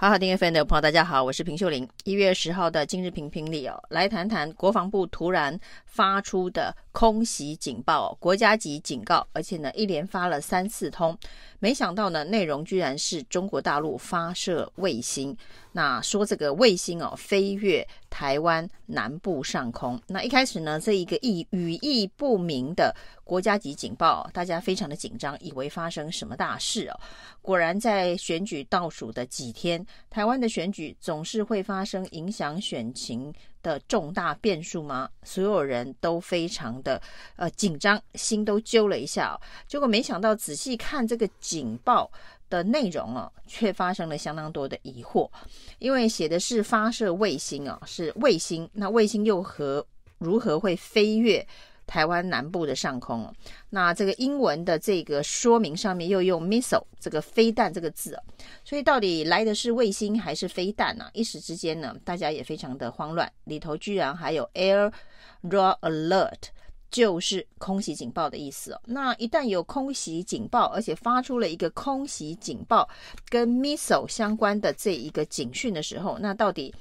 好好聽 FM 的朋友，大家好，我是平秀琳。一月十號的今日評評裡哦，來談談國防部突然發出的空襲警報，國家級警告，而且呢一連發了三四通。沒想到呢，內容居然是中國大陸發射衛星，那說這個衛星哦飛越台灣南部上空。那一開始呢，這一個意語，語意不明的。國家級警報，大家非常的緊張，以為發生什麼大事哦、啊。果然在選舉倒數的幾天，台灣的選舉總是會發生影響選情的重大變數嗎？所有人都非常的呃緊張，心都揪了一下、啊。結果沒想到，仔細看這個警報的內容哦、啊，卻發生了相當多的疑惑，因為寫的是發射衛星啊，是衛星，那衛星又何，如何會飛越？台灣南部的上空，那這個英文的這個說明上面又用 missile 這個飛彈這個字，所以到底來的是衛星還是飛彈呢、啊？一時之間呢，大家也非常的慌亂。裡頭居然還有 air raid alert，就是空襲警報的意思。那一旦有空襲警報，而且發出了一個空襲警報跟 missile 相關的這一個警訊的時候，那到底？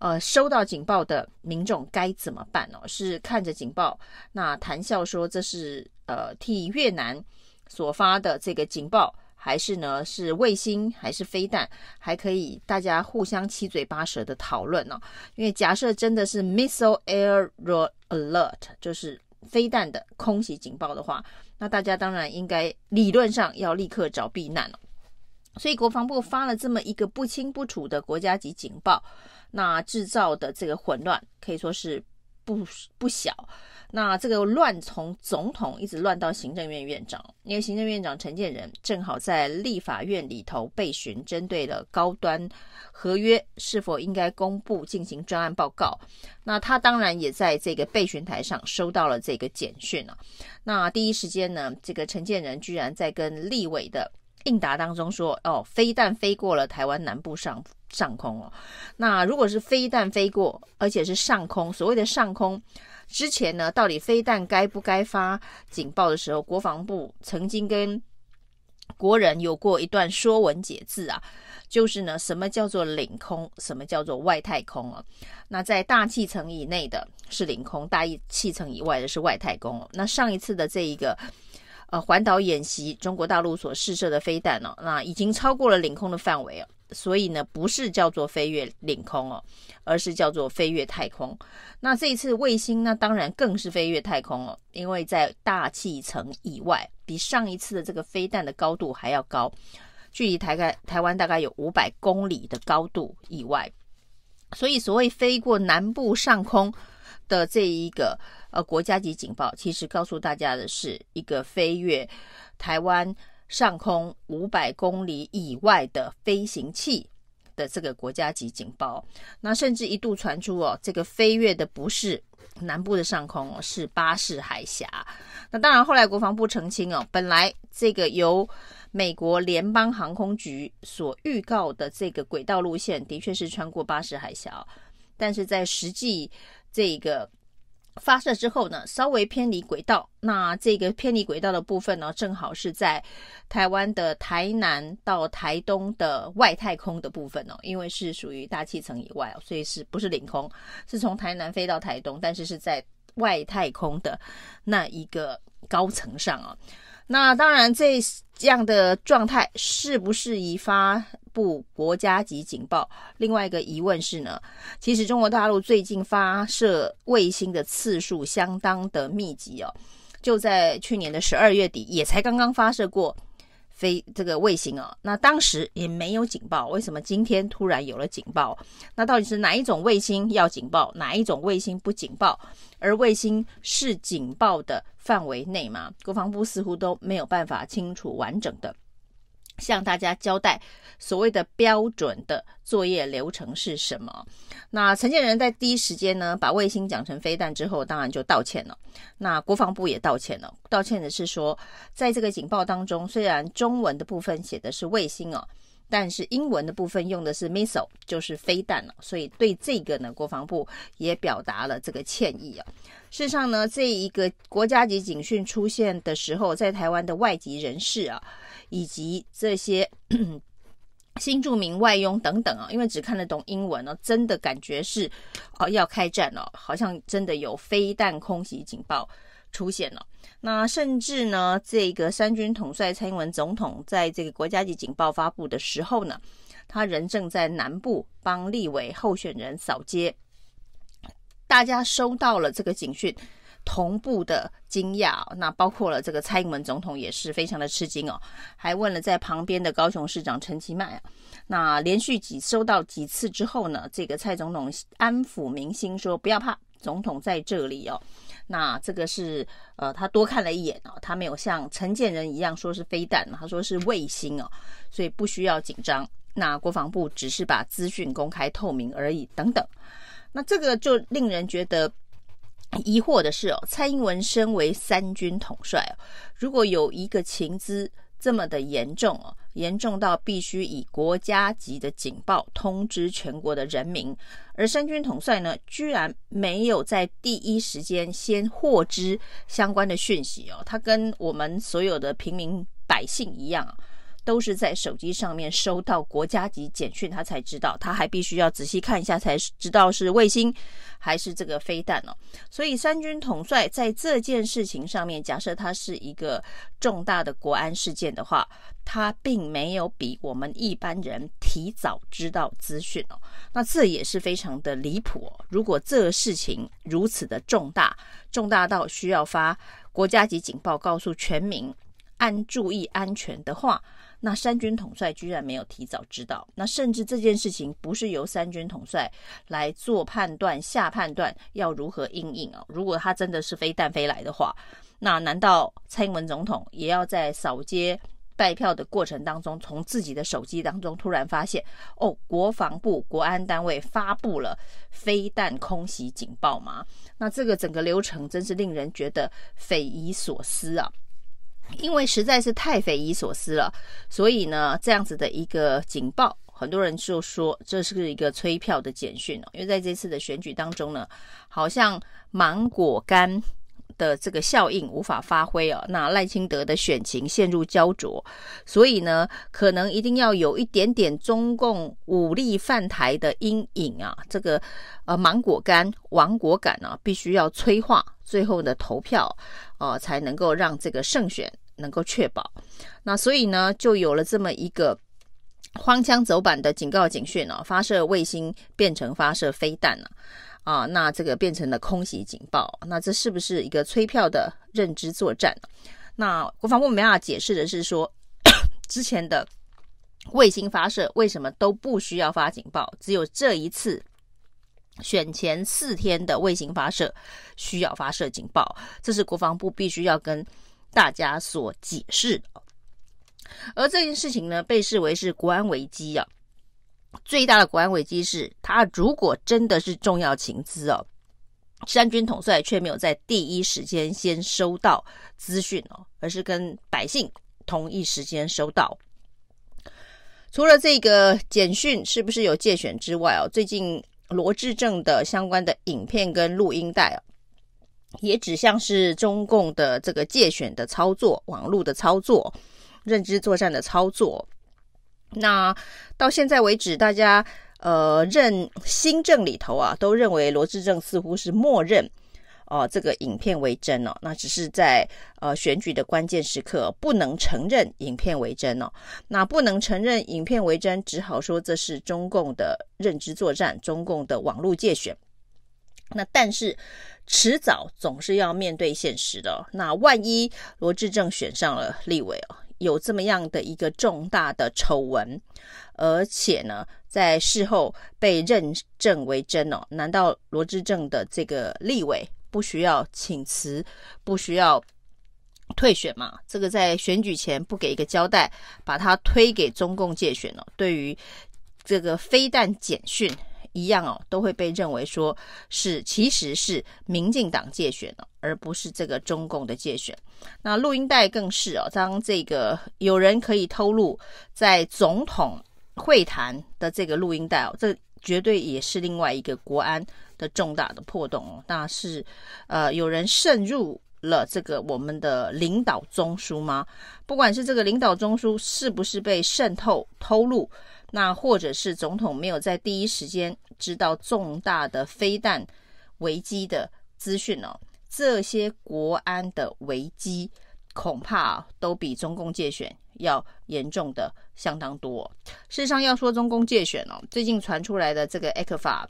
呃，收到警報的民眾該怎麼辦呢、哦？是看着警報那談笑說，這是呃替越南所發的這個警報，還是呢是衛星還是飛彈？還可以大家互相七嘴八舌的討論呢、哦。因為假設真的是 Missile Air Alert，就是飛彈的空襲警報的話，那大家當然應該理論上要立刻找避難了、哦。所以國防部發了這麼一個不清不楚的國家級警報。那製造的這個混亂可以說是不不小。那這個亂從總統一直亂到行政院院長，因為行政院長陳建仁正好在立法院裡頭備詢，針對了高端合約是否應該公布進行專案報告。那他當然也在這個備詢台上收到了這個簡訊了、啊。那第一時間呢，這個陳建仁居然在跟立委的。應答當中說哦，飛彈飛過了台灣南部上上空哦。那如果是飛彈飛過，而且是上空，所謂的上空，之前呢，到底飛彈該不該發警報的時候，國防部曾經跟國人有過一段說文解字啊，就是呢，什麼叫做領空，什麼叫做外太空啊？那在大氣層以內的是領空，大氣層以外的是外太空。那上一次的這一個。呃，環島演習，中國大陸所試射的飛彈那、哦啊、已經超過了領空的範圍哦，所以呢，不是叫做飛越領空哦，而是叫做飛越太空。那這一次衛星呢，那當然更是飛越太空、哦、因為在大氣層以外，比上一次的這個飛彈的高度還要高，距離台開台灣大概有五百公里的高度以外，所以所謂飛過南部上空。的這一個呃國家級警報，其實告訴大家的是一個飛越台灣上空五百公里以外的飛行器的這個國家級警報。那甚至一度傳出哦，這個飛越的不是南部的上空哦，是巴士海峽。那當然，後來國防部澄清哦，本來這個由美國聯邦航空局所預告的這個軌道路線，的確是穿過巴士海峽，但是在實際。這個發射之後呢，稍微偏離軌道，那這個偏離軌道的部分呢，正好是在台灣的台南到台東的外太空的部分哦，因為是屬於大氣層以外哦，所以是不是領空？是從台南飛到台東，但是是在外太空的那一個高層上啊。那當然這，這樣的狀態是不是已發？部國家級警報。另外一個疑問是呢，其實中國大陸最近發射衛星的次數相當的密集哦，就在去年的十二月底也才剛剛發射過飛這個衛星哦，那當時也沒有警報，為什麼今天突然有了警報？那到底是哪一種衛星要警報，哪一種衛星不警報？而衛星是警報的範圍內嗎？國防部似乎都沒有辦法清楚完整的。向大家交代所謂的標準的作業流程是什麼？那陳建仁在第一時間呢，把衛星講成飛彈之後，當然就道歉了。那國防部也道歉了，道歉的是說，在這個警報當中，雖然中文的部分寫的是衛星哦。但是英文的部分用的是 missile，就是飛彈了，所以對這個呢，國防部也表達了這個歉意啊。事實上呢，這一個國家級警訊出現的時候，在台灣的外籍人士啊，以及這些呵呵新住民外傭等等啊，因為只看得懂英文哦、啊，真的感覺是哦要開戰了，好像真的有飛彈空襲警報出現了，那甚至呢，這個三軍統帥蔡英文總統在這個國家級警報發布的時候呢，他人正在南部幫立委候選人掃街。大家收到了這個警訊，同步的驚訝哦，那包括了這個蔡英文總統也是非常的吃驚哦，還問了在旁邊的高雄市長陳其邁啊，那連續幾收到幾次之後呢，這個蔡總統安撫民心說不要怕，總統在這裡哦。那這個是呃，他多看了一眼啊、哦，他沒有像陳建仁一樣說是飛彈，他說是衛星哦，所以不需要緊張。那國防部只是把資訊公開透明而已，等等。那這個就令人覺得疑惑的是哦，蔡英文身為三軍統帥，如果有一個情資這麼的嚴重哦。嚴重到必須以國家級的警報通知全國的人民，而三軍統帥呢，居然沒有在第一時間先獲知相關的訊息哦，他跟我們所有的平民百姓一樣啊。都是在手機上面收到國家級簡訊，他才知道，他還必須要仔細看一下，才知道是衛星還是這個飛彈哦。所以三軍統帥在這件事情上面，假設他是一個重大的國安事件的話，他並沒有比我們一般人提早知道資訊哦。那這也是非常的離譜哦。如果這個事情如此的重大，重大到需要發國家級警報告訴全民安注意安全的話，那三軍統帥居然沒有提早知道，那甚至這件事情不是由三軍統帥來做判斷、下判斷要如何因應啊？如果他真的是飛彈飛來的話，那難道蔡英文總統也要在掃街拜票的過程當中，從自己的手機當中突然發現，哦，國防部國安單位發布了飛彈空襲警報嗎？那這個整個流程真是令人覺得匪夷所思啊！因為實在是太匪夷所思了，所以呢，這樣子的一個警報，很多人就說這是一個催票的簡訊哦。因為在這次的選舉當中呢，好像芒果乾的這個效應無法發揮啊，那賴清德的選情陷入膠著，所以呢，可能一定要有一點點中共武力犯台的陰影啊，這個呃芒果乾亡國感啊，必須要催化最後的投票啊、呃，才能夠讓這個勝選能夠確保，那所以呢，就有了這麼一個。荒腔走板的警告警訊哦、啊，發射衛星變成發射飛彈了啊，啊！那這個變成了空襲警報，那這是不是一個催票的認知作戰、啊？那國防部沒辦法解釋的是說，之前的衛星發射為什麼都不需要發警報，只有這一次選前四天的衛星發射需要發射警報，這是國防部必須要跟大家所解釋而這件事情呢，被視為是國安危機啊。最大的國安危機是，他如果真的是重要情資哦、啊，三軍統帥卻沒有在第一時間先收到資訊哦、啊，而是跟百姓同一時間收到。除了這個簡訊是不是有介選之外哦、啊，最近羅致政的相關的影片跟錄音帶啊，也指向是中共的這個介選的操作，網路的操作。認知作戰的操作，那到現在為止，大家呃認新政裡頭啊，都認為羅致政似乎是默認哦，呃，這個影片為真哦。那只是在呃選舉的關鍵時刻不能承認影片為真哦。那不能承認影片為真，只好說這是中共的認知作戰，中共的網路介選。那但是遲早總是要面對現實的哦。那萬一羅致政選上了立委哦？有這麼樣的一個重大的醜聞，而且呢，在事後被認證為真哦，難道羅致政的這個立委不需要請辭，不需要退選嗎？這個在選舉前不給一個交代，把他推給中共介選了，哦，對於這個飛彈簡訊。一樣哦，都會被認為說是其實是民進黨介選哦，而不是這個中共的介選。那錄音帶更是哦、啊，當這個有人可以偷錄在總統會談的這個錄音帶哦，這絕對也是另外一個國安的重大的破洞哦。那是呃有人滲入了這個我們的領導中樞嗎？不管是這個領導中樞是不是被滲透偷錄？透露那或者是總統沒有在第一時間知道重大的飛彈危機的資訊哦，這些國安的危機恐怕、啊、都比中共介選要嚴重的相當多、哦。事實上，要說中共介選哦，最近傳出來的這個 ECFA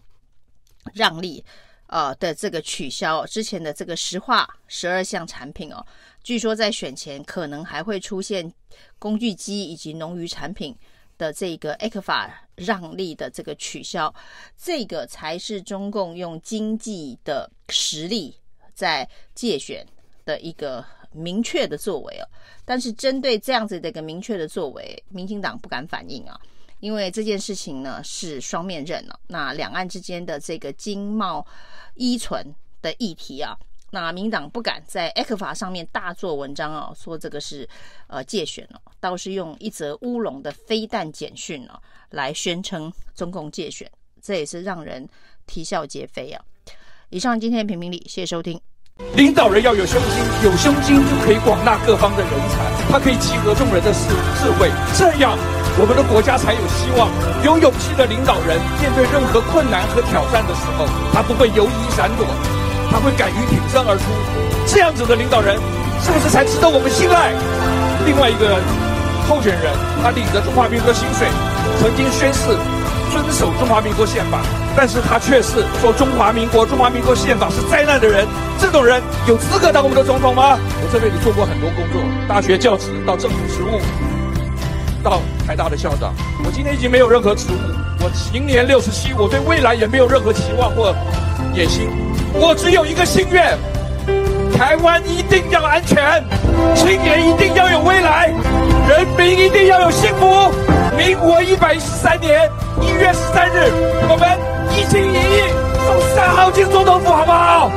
讓利啊、呃、的這個取消之前的這個石化十二項產品哦，據說在選前可能還會出現工具機以及農漁產品。的這個 ECFA 讓利的這個取消，這個才是中共用經濟的實力在介選的一個明確的作為啊。但是針對這樣子的一個明確的作為，民進黨不敢反應啊，因為這件事情呢是雙面刃了、啊。那兩岸之間的這個經貿依存的議題啊。那民黨不敢在 ECFA 上面大做文章啊、哦，說這個是呃介選、哦、倒是用一則烏龍的飛彈簡訊了、哦、來宣稱中共介選，這也是讓人啼笑皆非啊。以上今天評評理，謝謝收聽。領導人要有胸襟，有胸襟就可以廣納各方的人才，他可以集合眾人的智智慧，這樣我們的國家才有希望。有勇氣的領導人面對任何困難和挑戰的時候，他不會猶豫閃躲。他會敢於挺身而出，這樣子的領導人，是不是才值得我們信賴？另外一個人候選人，他領着中華民國薪水，曾經宣誓遵守中華民國憲法，但是他卻是說中華民國中華民國憲法是災難的人，這種人有資格當我們的總統嗎？我這輩子做過很多工作，大學教職到政府職務，到台大的校長，我今天已經沒有任何職務，我今年六十七，我對未來也沒有任何期望或野心。我只有一個心願：台灣一定要安全，青年一定要有未來，人民一定要有幸福。民國一百一十三年一月十三日，我們一心一意送三號進總統府，好不好？